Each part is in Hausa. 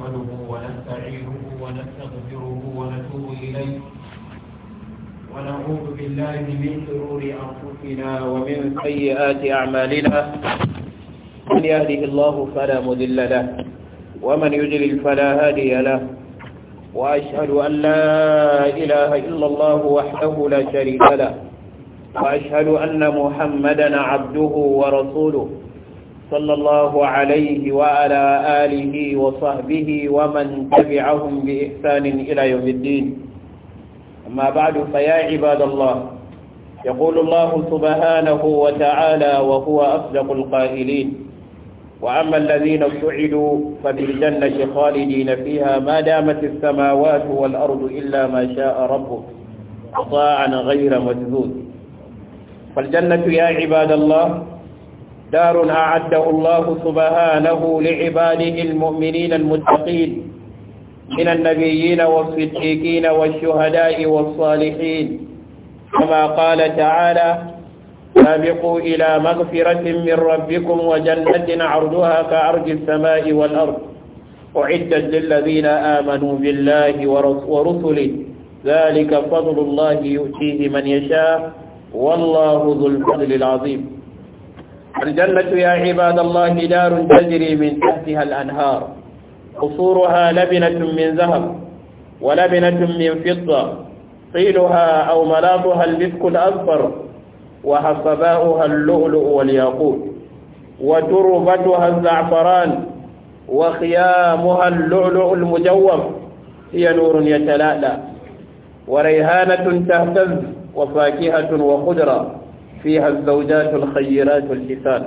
نحمده ونستعينه ونستغفره ونتوب إليه ونعوذ بالله من شرور أنفسنا ومن سيئات أعمالنا من يهده الله فلا مذل له ومن يجلل فلا هادي له وأشهد أن لا إله إلا الله وحده لا شريك له وأشهد أن محمدا عبده ورسوله صلى الله عليه وعلى آله وصحبه ومن تبعهم بإحسان إلى يوم الدين أما بعد فيا عباد الله يقول الله سبحانه وتعالى وهو أصدق القائلين وأما الذين سعدوا ففي الجنة خالدين فيها ما دامت السماوات والأرض إلا ما شاء ربك طاعا غير مجذوذ فالجنة يا عباد الله دار أعده الله سبحانه لعباده المؤمنين المتقين من النبيين والصديقين والشهداء والصالحين كما قال تعالى سابقوا إلى مغفرة من ربكم وجنة عرضها كعرض السماء والأرض أعدت للذين آمنوا بالله ورسله ذلك فضل الله يؤتيه من يشاء والله ذو الفضل العظيم الجنة يا عباد الله دار تجري من تحتها الأنهار قصورها لبنة من ذهب ولبنة من فضة طيلها أو ملاطها المسك الأصفر وحصباؤها اللؤلؤ والياقوت وتربتها الزعفران وخيامها اللؤلؤ المجوف هي نور يتلألأ وريهانة تهتز وفاكهة وخضره فيها الزوجات الخيرات الحسان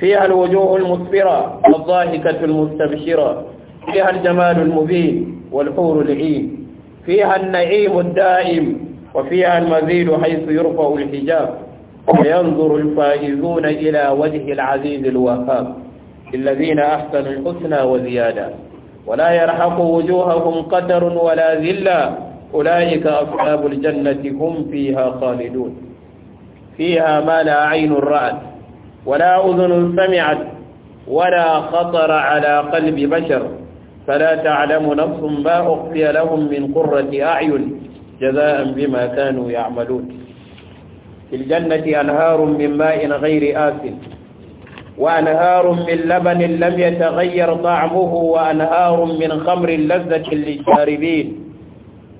فيها الوجوه المسفرة والضاحكة المستبشرة فيها الجمال المبين والحور العين فيها النعيم الدائم وفيها المزيد حيث يرفع الحجاب وينظر الفائزون إلى وجه العزيز الوهاب الذين أحسنوا الحسنى وزيادة ولا يرحق وجوههم قدر ولا ذلة أولئك أصحاب الجنة هم فيها خالدون فيها ما لا عين رأت ولا أذن سمعت ولا خطر على قلب بشر فلا تعلم نفس ما أخفي لهم من قرة أعين جزاء بما كانوا يعملون في الجنة أنهار من ماء غير آسن وأنهار من لبن لم يتغير طعمه وأنهار من خمر لذة للشاربين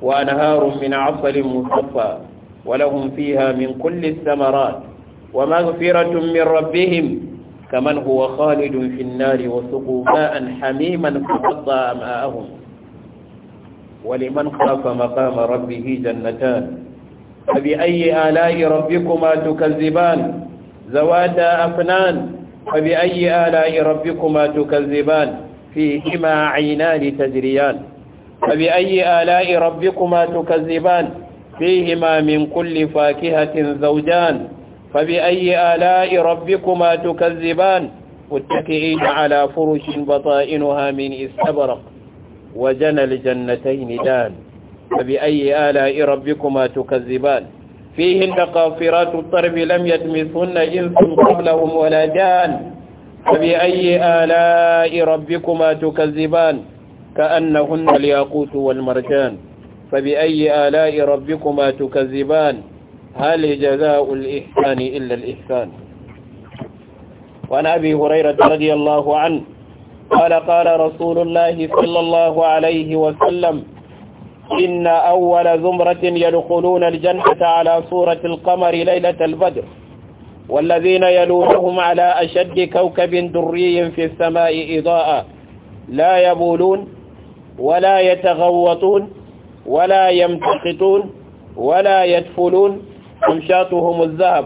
وأنهار من عسل مصفى ولهم فيها من كل الثمرات ومغفرة من ربهم كمن هو خالد في النار وسقوا ماء حميما فقطع ماءهم ولمن خاف مقام ربه جنتان فبأي آلاء ربكما تكذبان زواتا أفنان فبأي آلاء ربكما تكذبان فيهما عينان تجريان فبأي آلاء ربكما تكذبان فيهما من كل فاكهة زوجان فبأي آلاء ربكما تكذبان متكئين على فرش بطائنها من استبرق وجنى الجنتين دان فبأي آلاء ربكما تكذبان فيهن قافرات الطرب لم يتمثن إنس قبلهم ولا جان فبأي آلاء ربكما تكذبان كأنهن الياقوت والمرجان فبأي آلاء ربكما تكذبان هل جزاء الإحسان إلا الإحسان وعن أبي هريرة رضي الله عنه قال قال رسول الله صلى الله عليه وسلم إن أول زمرة يدخلون الجنة على صورة القمر ليلة البدر والذين يلونهم على أشد كوكب دري في السماء إضاءة لا يبولون ولا يتغوطون ولا يمتقطون ولا يدفلون أمشاطهم الذهب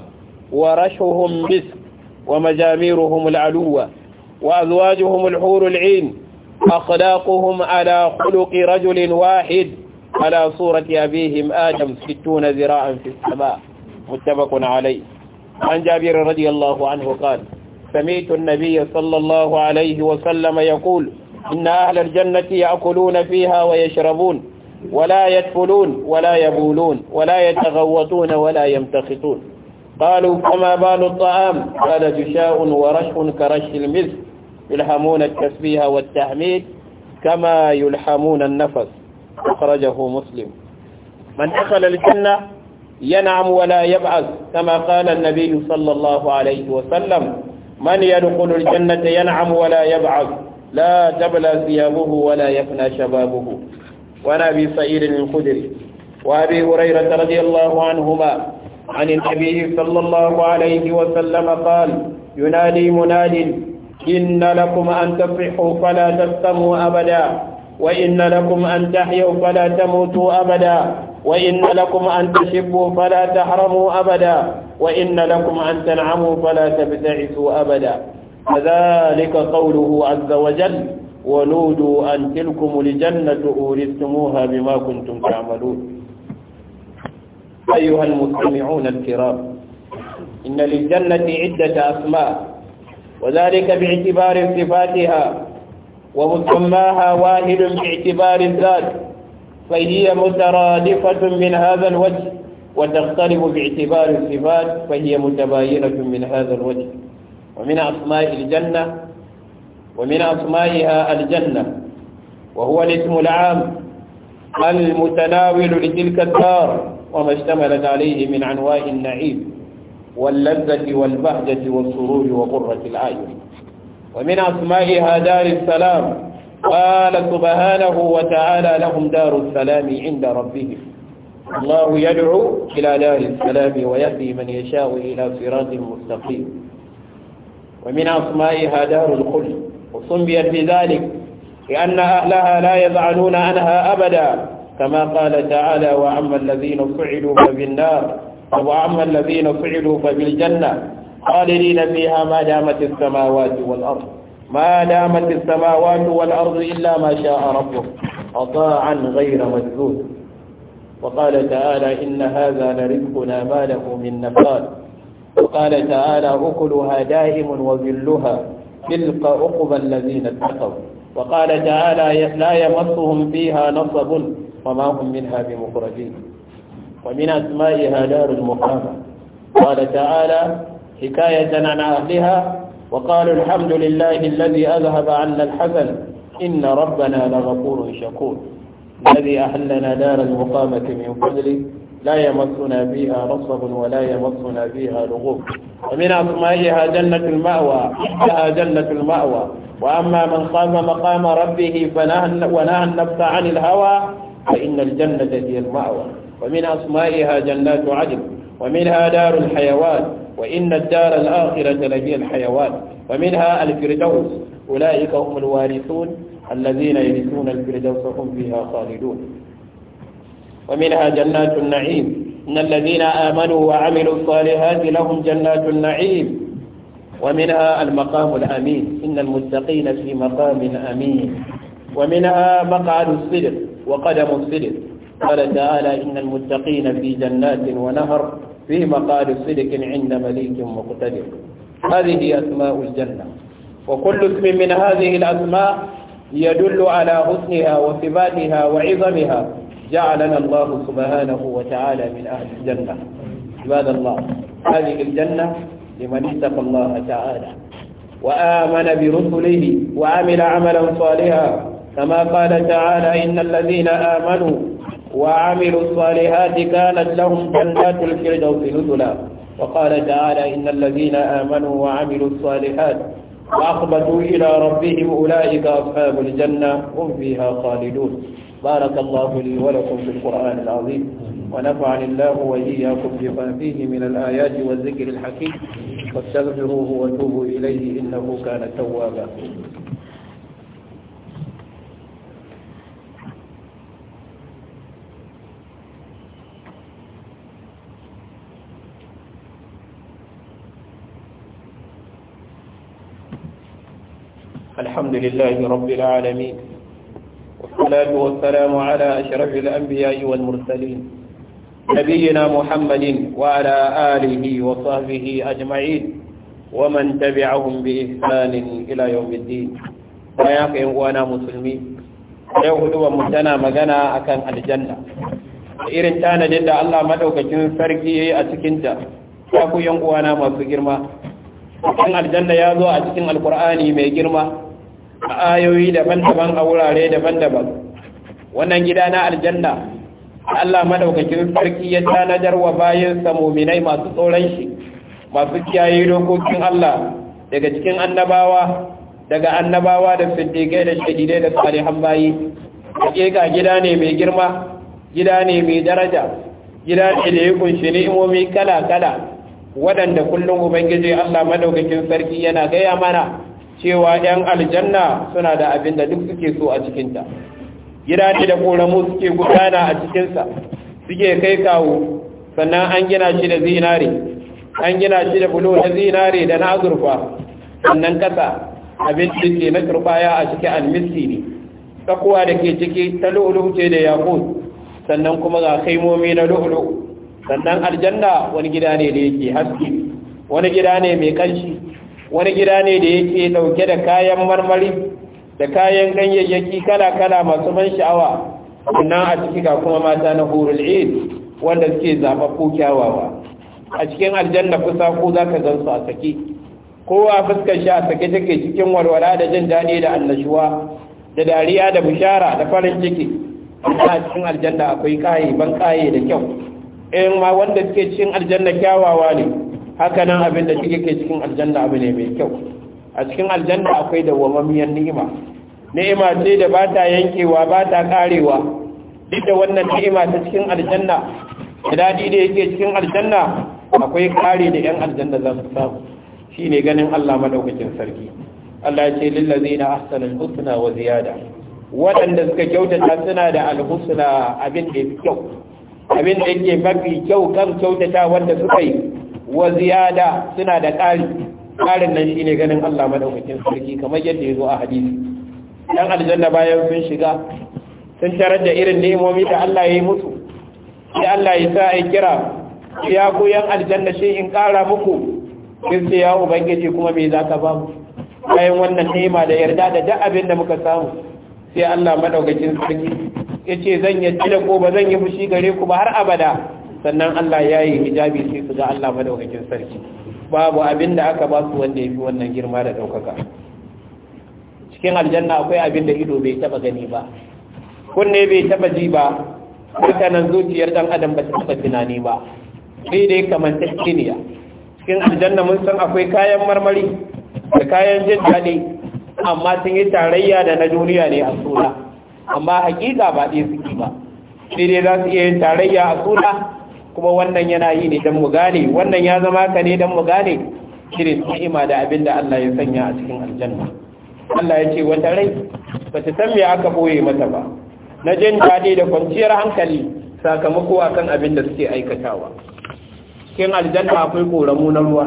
ورشهم مسك ومجاميرهم العلوة وأزواجهم الحور العين أخلاقهم على خلق رجل واحد على صورة أبيهم آدم ستون ذراعا في السماء متفق عليه عن جابر رضي الله عنه قال سميت النبي صلى الله عليه وسلم يقول إن أهل الجنة يأكلون فيها ويشربون ولا يدفلون ولا يبولون ولا يتغوطون ولا يمتخطون قالوا فما بال الطعام قال جشاء ورش كرش المسك يلحمون التسبيه والتحميد كما يلحمون النفس أخرجه مسلم من دخل الجنة ينعم ولا يبعث كما قال النبي صلى الله عليه وسلم من يدخل الجنة ينعم ولا يبعث لا تبلى ثيابه ولا يفنى شبابه وعن أبي سعيد الخدري وأبي هريرة رضي الله عنهما عن النبي صلى الله عليه وسلم قال ينادي مناد إن لكم أن تصحوا فلا تسموا أبدا وإن لكم أن تحيوا فلا تموتوا أبدا وإن لكم أن تشبوا فلا تحرموا أبدا وإن لكم أن تنعموا فلا تبتعثوا أبدا فذلك قوله عز وجل ونودوا أن تلكم لجنة أورثتموها بما كنتم تعملون أيها المستمعون الكرام إن للجنة عدة أسماء وذلك باعتبار صفاتها ومسماها واحد باعتبار الذات فهي مترادفة من هذا الوجه وتختلف باعتبار الصفات فهي متباينة من هذا الوجه ومن أسماء الجنة ومن أسمائها الجنة وهو الاسم العام المتناول لتلك الدار وما اشتملت عليه من عنواء النعيم واللذة والبهجة والسرور وقرة العين ومن أسمائها دار السلام قال سبحانه وتعالى لهم دار السلام عند ربهم الله يدعو إلى دار السلام ويهدي من يشاء إلى صراط مستقيم ومن أسمائها دار الخلد وسميت بذلك لأن أهلها لا يزعلون عنها أبدا كما قال تعالى وأما الذين فعلوا فبالنار وأما الذين فعلوا فبالجنة خالدين فيها ما دامت السماوات والأرض ما دامت السماوات والأرض إلا ما شاء ربك عطاعا غير مجذوذ وقال تعالى إن هذا لرزقنا ما له من نفاذ وقال تعالى أكلها دائم وظلها تلك عقبى الذين اتقوا وقال تعالى لا يمسهم فيها نصب وما هم منها بمخرجين ومن أسمائها دار المقامة قال تعالى حكاية عن أهلها وقالوا الحمد لله الذي أذهب عنا الحزن إن ربنا لغفور شكور الذي أحلنا دار المقامة من فضله لا يمسنا فيها نصب ولا يمسنا فيها لغوب ومن أسمائها جنة المأوى لها جنة المأوى وأما من قام مقام ربه فنهى ونهى النفس عن الهوى فإن الجنة هي المأوى ومن أسمائها جنات عدن ومنها دار الحيوان وإن الدار الآخرة لهي الحيوان ومنها الفردوس أولئك هم الوارثون الذين يرثون الفردوس هم فيها خالدون ومنها جنات النعيم إن الذين آمنوا وعملوا الصالحات لهم جنات النعيم ومنها المقام الأمين إن المتقين في مقام أمين ومنها مقعد الصدر وقدم الصدر قال تعالى إن المتقين في جنات ونهر في مقعد الصدق عند مليك مقتدر هذه أسماء الجنة وكل اسم من هذه الأسماء يدل على حسنها وثباتها وعظمها جعلنا الله سبحانه وتعالى من أهل الجنة عباد الله هذه الجنة لمن اتقى الله تعالى وآمن برسله وعمل عملا صالحا كما قال تعالى إن الذين آمنوا وعملوا الصالحات كانت لهم جنات الفردوس نزلا وقال تعالى إن الذين آمنوا وعملوا الصالحات وأخبتوا إلى ربهم أولئك أصحاب الجنة هم فيها خالدون بارك الله لي ولكم في القرآن العظيم ونفعني الله وإياكم بما فيه من الآيات والذكر الحكيم واستغفروه وتوبوا إليه إنه كان توابا الحمد لله رب العالمين والصلاة والسلام على أشرف الأنبياء والمرسلين نبينا محمد وعلى آله وصحبه أجمعين ومن تبعهم بإحسان إلى يوم الدين وياقين وأنا مسلمين يوم ومتنا مغنى أكان الجنة irin tanadin da Allah madaukakin sarki ya yi a cikinta ya ku yan uwana masu girma cikin aljanna ya zo a cikin alkur'ani mai girma a ayoyi daban-daban a wurare daban-daban wannan gida na aljanna Allah madaukakin sarki ya tanadar wa bayansa muminai masu tsoron shi masu kiyaye dokokin Allah daga cikin annabawa daga annabawa da siddiqai da shahidai da salihan bayi ga gida ne mai girma gida ne mai daraja gida ne da ya kunshi ni'imomi kala-kala waɗanda kullum ubangiji Allah madaukakin sarki yana gaya mana cewa ‘yan aljanna suna da abin da duk suke so a cikinta gida ne da ƙoramu suke gudana a cikinsa suke kai kawo sannan an gina shi da zinare an gina shi da bulo na zinare da na azurfa sannan ƙasa abin da ke na turbaya a cikin almiski ne tsakuwa da ke ciki ta lu'ulu ce da yakut sannan kuma ga kaimomi na lu'ulu sannan aljanna wani gida ne da yake haske wani gida ne mai kanshi wani gida ne da yake dauke da kayan marmari da kayan ganyayyaki kala-kala masu ban sha'awa sannan a ciki ga kuma mata na hurul aid wanda suke ko kyawawa a cikin aljanna kusa ko za ka zan su a sake kowa fuskar shi a sake take cikin walwala da jin daɗi da annashuwa da dariya da bishara da farin ciki a cikin aljanna akwai kaye ban kaye da kyau in ma wanda suke cikin aljanna kyawawa ne haka nan abin da shi ke cikin aljanna abu ne mai kyau a cikin aljanna akwai da dawwamammiyar ni'ima ni'ima ce da ba ta yankewa ba ta karewa duk da wannan ni'ima ta cikin aljanna da daɗi da yake cikin aljanna akwai kare da 'yan aljanna za su samu shi ne ganin allah maɗaukacin sarki allah ce lillazi na ahsanul husna wa ziyada waɗanda suka kyautata suna da alhusna abin da ya fi kyau abin da yake mafi kyau kan kyautata wanda suka yi wa ziyada suna da ƙari ƙarin nan shi ne ganin Allah madaukakin sarki kamar yadda ya zo a hadisi dan aljanna bayan sun shiga sun tarar da irin nemomi da Allah ya yi musu sai Allah ya sa a kira ya ku yan aljanna shi in ƙara muku sai sai ya ubangiji kuma me za ka ba mu bayan wannan nema da yarda da duk abin da muka samu sai Allah madaukakin sarki yace zan yi ko ba zan yi fushi gare ku ba har abada sannan Allah ya yi hijabi sai su ga Allah madaukakin sarki babu abin da aka ba su wanda ya fi wannan girma da ɗaukaka cikin aljanna akwai abin da ido bai taba gani ba kunne bai taba ji ba haka nan zuciyar dan adam ba taɓa tunani ba sai dai kamar tattiniya cikin aljanna mun san akwai kayan marmari da kayan jin daɗi amma sun yi tarayya da na duniya ne a suna amma hakika ba ɗaya suke ba sai dai za su iya yin tarayya a suna kuma wannan yana yi ne don mu gane wannan ya zama ka ne don mu gane shirin ni'ima da abin da Allah ya sanya a cikin aljanna Allah ya ce wata rai ba ta san me aka boye mata ba na jin daɗi da kwanciyar hankali sakamako akan abin da suke aikatawa cikin aljanna akwai koramu na ruwa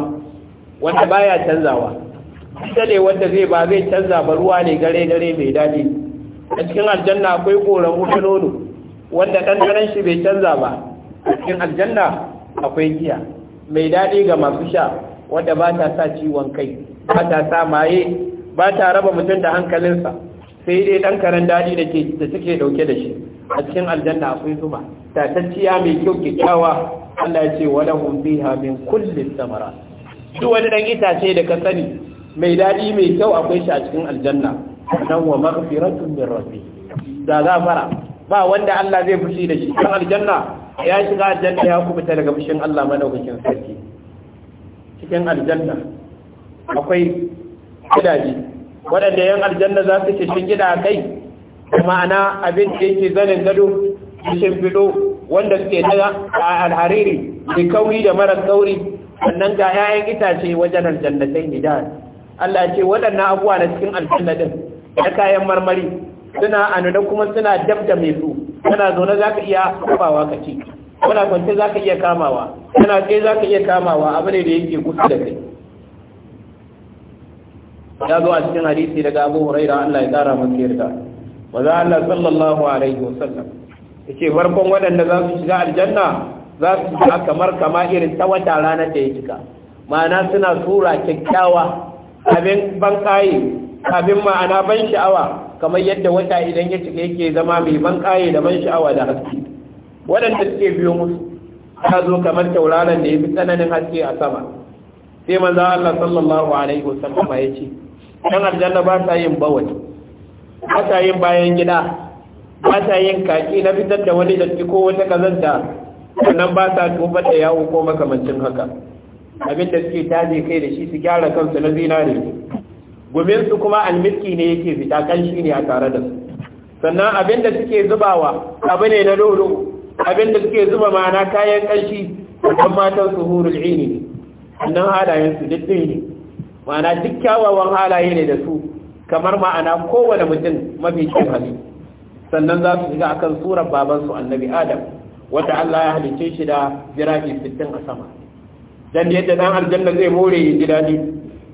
wanda baya canzawa ita ne wanda zai ba zai canza ba ruwa ne gare gare mai daɗi a cikin aljanna akwai koramu na nono wanda ɗanɗanon shi bai canza ba a cikin aljanna akwai giya mai daɗi ga masu sha wadda ba ta sa ciwon kai ba ta sa maye ba ta raba mutum da hankalinsa sai dai ɗan karen daɗi da suke ɗauke da shi a cikin aljanna akwai zuma tacciya mai kyau kyakkyawa Allah ya ce wani hum fiha kulle samara Shi wani dan itace da ka sani mai daɗi mai kyau akwai shi a cikin aljanna nan wa maghfiratun min rabbi da zafara ba wanda Allah zai fushi da shi kan aljanna ya shiga aljanna ya kubuta daga bishin Allah madaukakin sarki cikin aljanna akwai gidaje waɗanda yan aljanna za su cikin gida a kai ma'ana abin da yake zanen gado bishin fido wanda suke daga a alhariri mai kauri da mara kauri sannan ga 'ya'yan itace wajen aljannatai gida. Allah ce waɗannan abuwa na cikin aljanna din da kayan marmari suna anuda kuma suna dab da mai su kana zaune za ka iya kafawa ka ci kana kwance za ka iya kamawa kana ce za ka iya kamawa abu ne da yake kusa da kai ya zo a cikin hadisi daga abu huraira allah ya tsara masa yarda za allah sallallahu alaihi wasallam ya ce farkon waɗanda za su shiga aljanna za su shiga kamar kama irin ta wata rana da ya cika ma'ana suna tura kyakkyawa abin ban kayi abin ma'ana ban sha'awa kamar yadda wata idan ya cika yake zama mai ban kaye da ban sha'awa da haske waɗanda suke biyo musu ta zo kamar tauraron da ya fi tsananin haske a sama sai manzo Allah sallallahu alaihi wasallam ya ce dan aljanna ba ta yin bawani ba ta yin bayan gida ba ta yin kaki na fitar da wani datti ko wata kazanta sannan ba ta tubar da yawo ko makamancin haka abin da suke taje kai da shi su gyara kansu na zinare gumin su kuma almiski ne yake fita kanshi ne a tare da su sannan abin da suke zubawa abu ne na lolo abin da suke zuba mana kayan kanshi don matan su hurul ini ne sannan halayen su duk ne mana duk kyawawan halaye ne da su kamar ma'ana kowane mutum mafi kyan hali sannan za su shiga akan surar babansu annabi adam wata Allah ya halicce shi da jirafi sittin a sama dan yadda dan aljanna zai more ya ji daɗi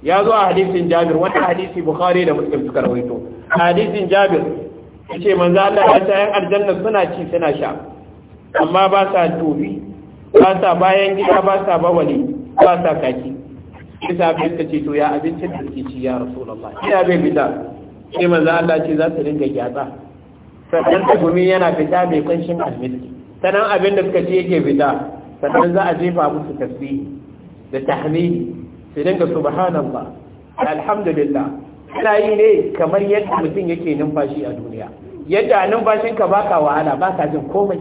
ya zo a hadisin jabir wata hadisi bukhari da muslim suka rawaito hadisin jabir ya ce manzo Allah ya sayan aljanna suna ci suna sha amma ba sa tobi ba sa bayan gida ba sa bawali ba sa kaki kisa bai suka ce to ya abincin da suke ci ya rasulullah ina bai fita sai manzo Allah ce za su dinga gyatsa sannan tagumi yana fita mai kanshin almilki sannan abin da suka ci yake fita sannan za a jefa musu tasbihi da tahmidi sai dinga subhanallah alhamdulillah kana yi ne kamar yadda mutum yake numfashi a duniya yadda numfashin ka baka wahala baka jin komai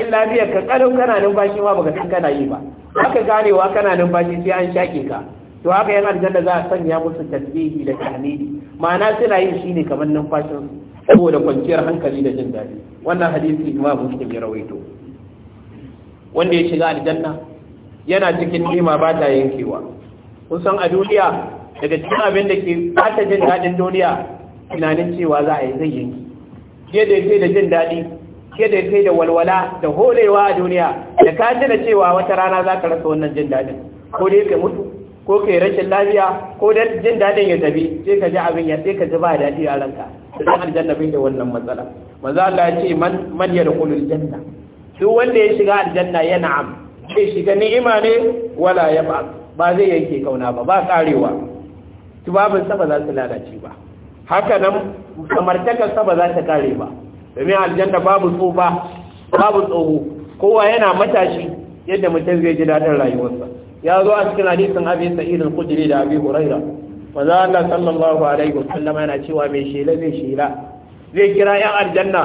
in lafiyar ka karau kana numfashi ma baka san kana yi ba haka ganewa kana numfashi sai an shake ka to haka yan aljanna za a sanya musu tasbihi da tahmidi ma'ana suna yin ne kamar numfashin saboda kwanciyar hankali da jin daɗi wannan hadisi ma muslim ya rawaito wanda ya shiga aljanna yana cikin nima ba ta yankewa kun san a duniya daga cikin abin da ke bata jin daɗin duniya tunanin cewa za a yi zai yanki ke da ke da jin daɗi ke da ke da walwala da holewa a duniya da ka jina cewa wata rana za ka rasa wannan jin daɗin ko dai ka mutu ko ka yi rashin lafiya ko da jin daɗin ya tafi sai ka ji abin ya sai ka ji ba daɗi a ranka zan aljanna bai da wannan matsala maza Allah ya ce man man yadkhulul aljanna duk wanda ya shiga aljanna yana am zai shiga ni'ima ne wala ya ba'a ba zai yanke kauna ba ba karewa tubabin saba za su lalace ba haka nan samartakar saba za ta kare ba domin aljanna babu tsoba babu tsoho kowa yana matashi yadda mutum zai ji daɗin rayuwarsa ya zo a cikin hadisin abi sa'id al-khudri da abi huraira manzo Allah sallallahu alaihi sallam yana cewa mai shela zai shela zai kira yan aljanna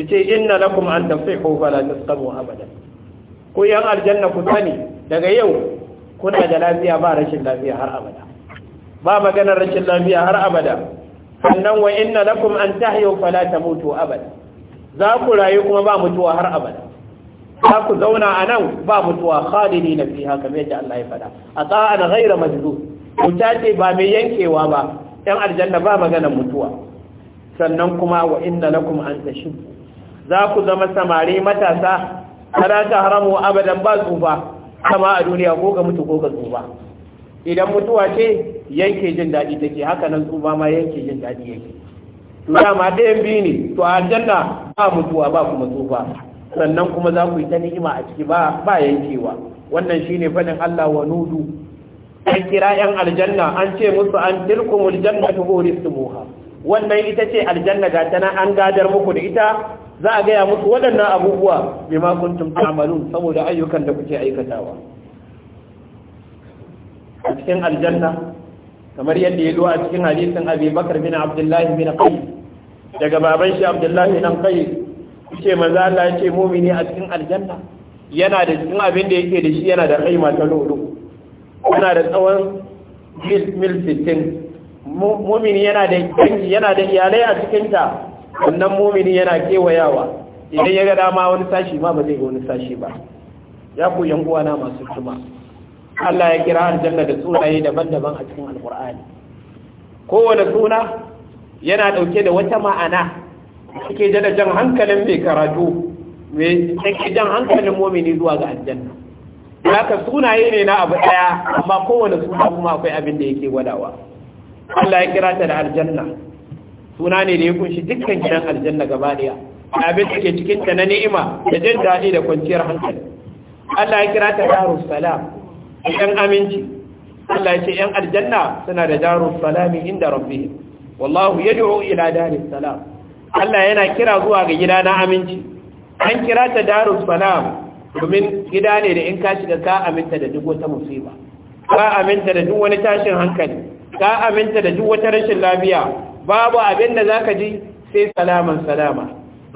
yace inna lakum an tafsihu fala tasqamu abada ko yan aljanna ku sani daga yau kuna da lafiya ba rashin lafiya har abada ba maganar rashin lafiya har abada sannan wa inna lakum an tahyu fala tamutu abada za ku rayu kuma ba mutuwa har abada za ku zauna a nan ba mutuwa khalidi na fiha kamar yadda Allah ya faɗa a tsa'an ghaira majdu wuta ce ba mai yankewa ba ɗan aljanna ba maganar mutuwa sannan kuma wa inna lakum an tashibu za ku zama samari matasa kada ta haramu abadan ba tsufa kama a duniya ko ga mutu ko ga tsufa idan mutuwa ce yanke jin daɗi take haka nan tsufa ma yanke jin daɗi yake to dama ɗayan biyu ne to a aljanna ba mutuwa ba kuma tsufa sannan kuma za ku yi ta ni'ima a ciki ba yankewa wannan shine fadin Allah wa nudu an kira yan aljanna an ce musu an tilkumul jannatu uristumuha wannan ita ce aljanna ga tana an gadar muku da ita za a gaya musu waɗannan abubuwa mai makuntun kuntum saboda ayyukan da kuke aikatawa a cikin aljanna kamar yadda ya zo a cikin hadisin abin Bakar Abdullahi Abdullah kai, daga baban shi abdullahi nan kai kuke maza Allah ce mu'mini a cikin aljanna yana da cikin abin da yake da shi yana da kai mata lulu yana da tsawon mil mil 60 mu'mini yana da yana da iyalai a cikin ta wannan mumini yana kewayawa idan ya ga dama wani sashi ma ba zai ga wani sashi ba ya ku yan uwana masu kuma Allah ya kira aljanna da sunaye daban-daban a cikin alkur'ani kowane suna yana dauke da wata ma'ana take da jan hankalin mai karatu mai take jan hankalin mumini zuwa ga aljanna haka sunaye ne na abu daya amma kowane suna kuma akwai abin da yake gwadawa Allah ya kira ta da aljanna suna ne da ya kunshi dukkan gidan aljanna gaba daya abin da ke cikin ta na ni'ima da jin daɗi da kwanciyar hankali Allah ya kira ta darus salam yan aminci Allah ya ce yan aljanna suna da darus salami inda rabbihim wallahu yad'u ila daris salam Allah yana kira zuwa ga gida na aminci an kira ta darus salam domin gida ne da in ka shiga ka aminta da duk wata musiba ka aminta da duk wani tashin hankali ka aminta da duk wata rashin lafiya babu abin da zaka ji sai salaman salama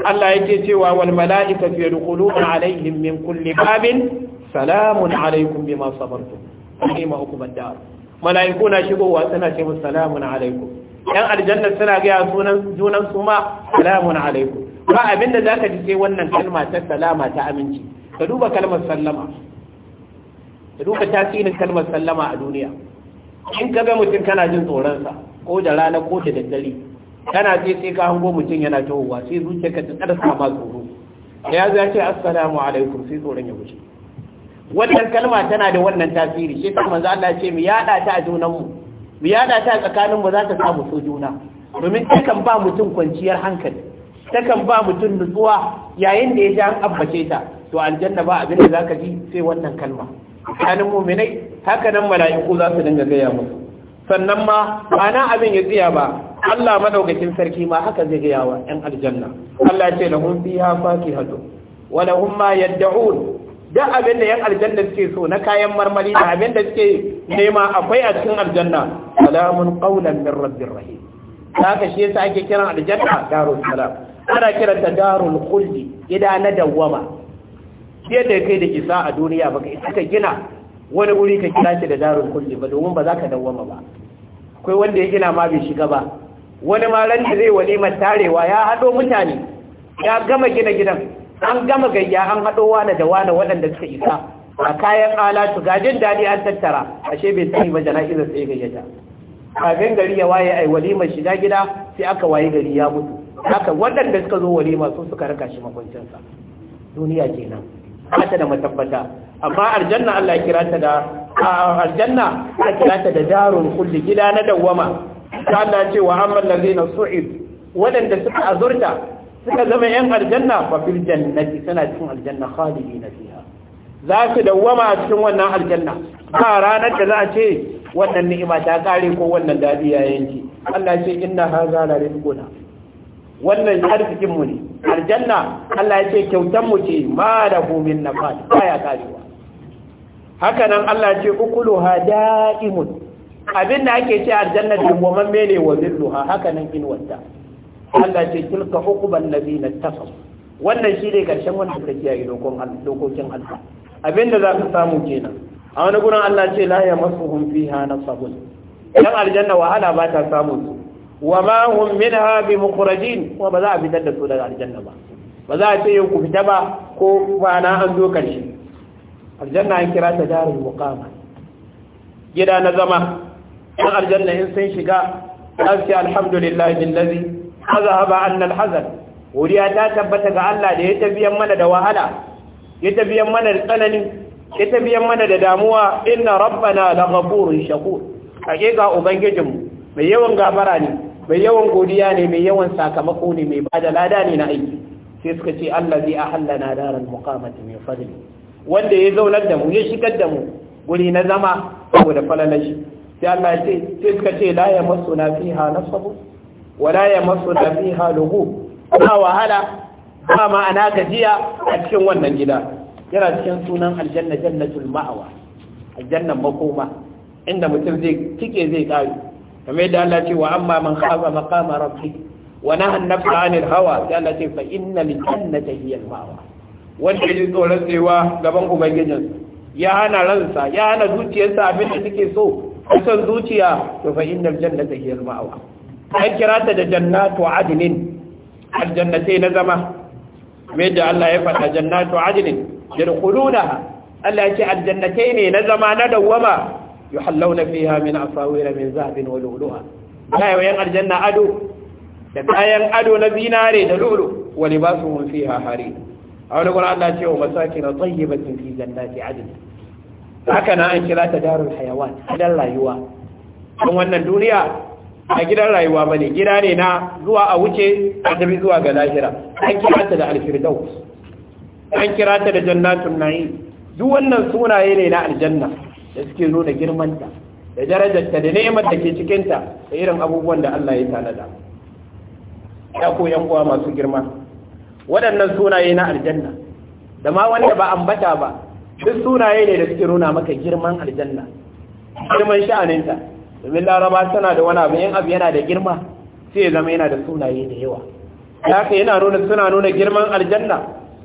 Allah yake cewa wal mala'ikatu yadkhuluna alaihim min kulli babin salamun alaikum bima sabartum ni'ma hukumad dar mala'iku na shigowa suna ce musu salamun alaikum yan aljanna suna ga sunan junan su ma salamun alaikum ba abinda zaka ji sai wannan kalma ta salama ta aminci ka duba kalmar sallama ka duba tasirin kalmar sallama a duniya in ka ga mutum kana jin tsoron sa ko da rana ko da daddare kana je sai ka hango mutum yana tawowa sai zuciyarka ta tsarsa ma tsoro sai ya zace ce assalamu alaikum sai tsoron ya wuce wannan kalma tana da wannan tasiri shi kuma manzo Allah ce mu yada ta a junan mu mu yada ta tsakanin mu za ta samu so juna domin takan ba mutum kwanciyar hankali takan ba mutum nutsuwa yayin da ya ji an abbace ta to aljanna ba abin da zaka ji sai wannan kalma mu mu'minai haka nan mala'iku za su dinga gaya musu sannan ma ba na abin ya tsiya ba Allah madaukakin sarki ma haka zai gaya wa ‘yan aljanna Allah ce da hun biya faki hatu wadda hun ma yaddaun da abin da ‘yan aljanna suke so na kayan marmari da abin da suke nema akwai a cikin aljanna salamun ƙaunan min rabbin rahim ta haka shi yasa ake kiran aljanna darul salam ana kiranta darul kulli gida na dawwama yadda kai da isa a duniya baka isa ka gina wani wuri ka kira shi da darul kulli ba domin ba za ka dawwama ba akwai wanda ya gina ma bai shiga ba wani ma ran da zai walimar tarewa ya haɗo mutane ya gama gina gidan an gama gayya an haɗo wani da wani waɗanda suka isa a kayan alatu gajin daɗi an tattara ashe bai sani ba jana'izar sai gayyata kafin gari ya waye ai walimar shiga gida sai aka waye gari ya mutu haka waɗanda suka zo walima su suka raka shi makwancinsa duniya kenan ta da matabbata amma aljanna Allah ya kira ta da aljanna ya kira ta da darun kulli gida na dawwama ta Allah ce wa amman lazina su'id wadanda suka azurta suka zama yan aljanna fa fil jannati sana cikin aljanna khalidina fiha za su dawwama a cikin wannan aljanna ba ranar da za a ce wannan ni'ima ta kare ko wannan dadi ya yanki Allah ce inna hadha la rizquna wannan arzikin mu ne aljanna Allah ya ce kyautan mu ce ma da min nafat baya karewa haka nan Allah ya ce ha da'imun abin da ake ce aljanna da goman mene wa zilluha haka nan in wata Allah ce tilka hukuban ladina taqaw wannan shi ne karshen wanda suka kiyaye dokokin Allah abin da za ka samu kenan a wani gurin Allah ce la masuhum fiha nasabun dan aljanna wahala ba ta samu su wa ma hum minha bi mukhrajin wa ba za a fitar da su daga aljanna ba ba za a ce ku fita ba ko kwana an zo karshe aljanna an kira ta darul muqama gida na zama an aljanna in sun shiga an ce alhamdulillah billazi azhaba anna alhazan wuriya ta tabbata ga Allah da ya tabiyan mana da wahala ya tabiyan mana da tsanani ya tabiyan mana da damuwa inna rabbana laghafurun shakur hakika ubangijinmu mai yawan gabara ne mai yawan godiya ne mai yawan sakamako ne mai bada lada ne na aiki sai suka ce Allah zai na daral muqamati min fadli wanda ya zaunar da mu ya shigar da mu guri na zama saboda falalashi sai Allah ya ce sai suka ce la ya masu na fiha nasabu wa la ya masu na fiha lugu ba wahala ba ma'ana gajiya a cikin wannan gida yana cikin sunan aljanna jannatul ma'awa aljannan makoma inda mutum zai tike zai kare kamar da Allah ce wa amma man khafa maqama rabbi wa naha an-nafsa 'anil hawa da Allah ce fa inna innal jannata hiya al-ma'wa wanda ya tsoron tsewa gaban ubangijin ya hana ransa ya hana zuciyarsa abin da take so kusan zuciya to fa innal jannata hiya al-ma'wa an kira ta da jannatu adnin aljannatai na zama mai da Allah ya faɗa jannatu adnin yadkhulunaha Allah ya ce aljannatai ne na zama na dawwama yuhallawna fiha min asawira min zahabin wa lu'lu'a ana 'yan aljanna ado da kayan ado na zinare da lu'lu wa libasuhum fiha harir a wani gurin Allah ce wa masakin tayyibatin fi jannati adn haka na an kira ta darul hayawan gidan rayuwa don wannan duniya a gidan rayuwa bane gida ne na zuwa a wuce a tafi zuwa ga lahira an kira ta da alfirdaus an kira ta da jannatun na'im duk wannan sunaye ne na aljanna da suke nuna girmanta da darajarta da neman da ke cikinta da irin abubuwan da Allah ya tanada ya ko yan uwa masu girma waɗannan sunaye na aljanna da ma wanda ba ambata ba duk sunaye ne da suke nuna maka girman aljanna girman sha'aninta domin laraba tana da wani abu yin abu yana da girma sai ya zama yana da sunaye da yawa haka yana nuna suna nuna girman aljanna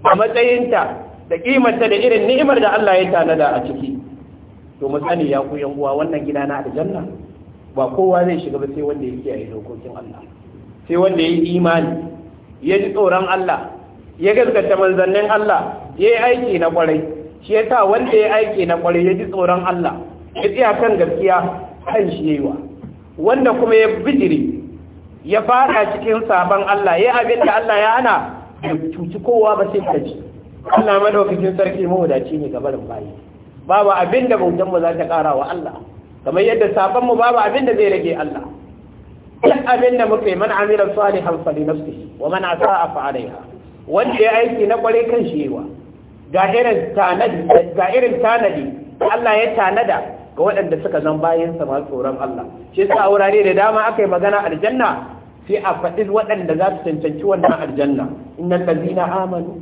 a matsayinta da kimarta da irin ni'imar da Allah ya tanada a ciki to mu sani ya ku yan uwa wannan gida na aljanna ba kowa zai shiga ba sai wanda ya kiyaye dokokin Allah sai wanda ya yi imani ya ji tsoron Allah ya gaskata manzannin Allah ya yi aiki na kwarai shi ya wanda ya aiki na kwarai ya ji tsoron Allah ya tsaya kan gaskiya kan shi yayi wanda kuma ya bijiri ya fara cikin sabon Allah ya abin da Allah ya hana ya cuci kowa ba sai ji. Allah madaukakin sarki mawadaci ne gabarin bayi babu abin da za ta ƙara wa Allah kamar yadda sabon mu babu abin da zai rage Allah duk abin da muka yi man amila salihan fa li wa man a fa alaiha wanda ya aiki na kware kan shi yawa ga irin tanadi ga irin tanadi Allah ya tanada ga waɗanda suka zan bayan sa masu tsoron Allah shi yasa a wurare da dama aka yi magana aljanna sai a faɗi waɗanda za su cancanci wannan aljanna innal ladina amanu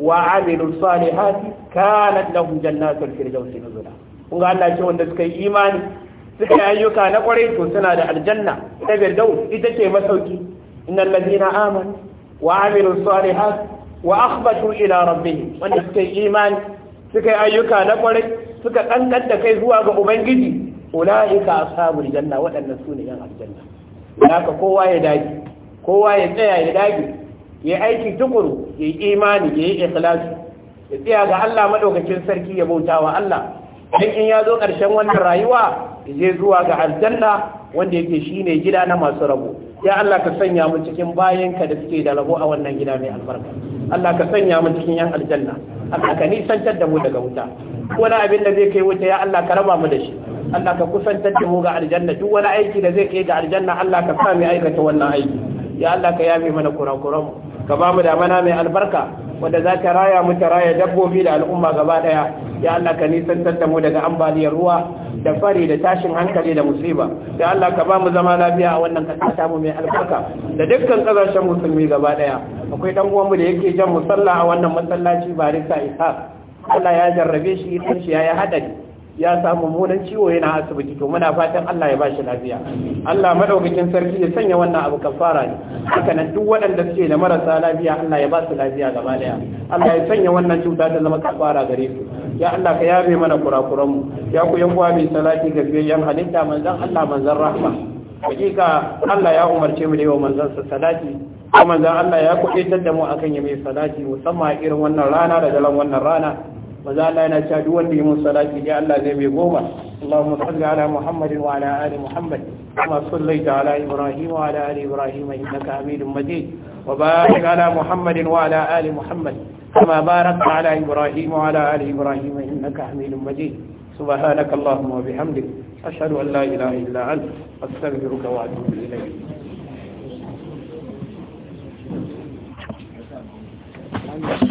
وعملوا الصالحات كانت لهم جنات الفردوس نزلا kun ga Allah ce wanda suka yi imani suka yi ayyuka na kwarai to suna da aljanna ta firdaus ita ce masauki innal ladina aman. wa amilu salihat wa akhbatu ila rabbihim wanda suka yi imani suka yi ayyuka na kwarai suka kankan da kai zuwa ga ubangiji ulaika ashabul janna waɗannan suna yan aljanna haka kowa ya dage kowa ya tsaya ya dage ya aiki tukuru ya yi imani ya yi ikhlasi ya tsaya ga Allah madaukakin sarki ya bautawa Allah dan in ya zo ƙarshen wannan rayuwa je zuwa ga aljanna wanda yake shine gida na masu rabo ya Allah ka sanya mu cikin bayanka da suke da rabo a wannan gida mai albarka Allah ka sanya mu cikin yan aljanna Allah ka nisantar da mu daga wuta wani abin da zai kai wuta ya Allah ka raba mu da shi Allah ka kusantar da mu ga aljanna duk wani aiki da zai kai ga aljanna Allah ka sa mu aikata wannan aiki ya Allah ka yafe mana kurakuranmu ka ba mu damana mai albarka wanda za ta raya mu ta raya dabbobi da al'umma gaba daya ya Allah ka nisantar da mu daga ambaliyar ruwa da fari da tashin hankali da musiba ya Allah ka ba mu zama lafiya a wannan kasa ta mu mai albarka da dukkan kasashen musulmi gaba daya akwai dan uwan mu da yake jan musalla a wannan masallaci barisa isa Allah ya jarrabe shi dan shi ya hadari ya samu munan ciwo yana asibiti to muna fatan Allah ya bashi lafiya Allah madaukakin sarki ya sanya wannan abu kafara ne haka nan duk waɗanda suke da marasa lafiya Allah ya ba su lafiya gaba daya Allah ya sanya wannan cuta ta zama kafara gare su ya Allah ka yabe mana kurakuran mu ya ku yan uwa mai salati ga biyan halitta manzon Allah manzon rahma hakika Allah ya umarce mu da yawa manzon sa salati kuma manzon Allah ya kuɗe da mu akan ya mai salati musamman irin wannan rana da dalan wannan rana maza Allah yana cewa duk wanda ya mun salati ya Allah zai mai goma Allahumma salli ala Muhammadin wa ala ali Muhammad kama sallaita ala Ibrahim wa ala ali Ibrahim innaka Hamidum Majid wa barik ala Muhammadin wa ala ali Muhammad kama barakta ala Ibrahim wa ala ali Ibrahim innaka Hamidum Majid سبحانك اللهم وبحمدك أشهد أن لا إله إلا أنت أستغفرك وأتوب إليك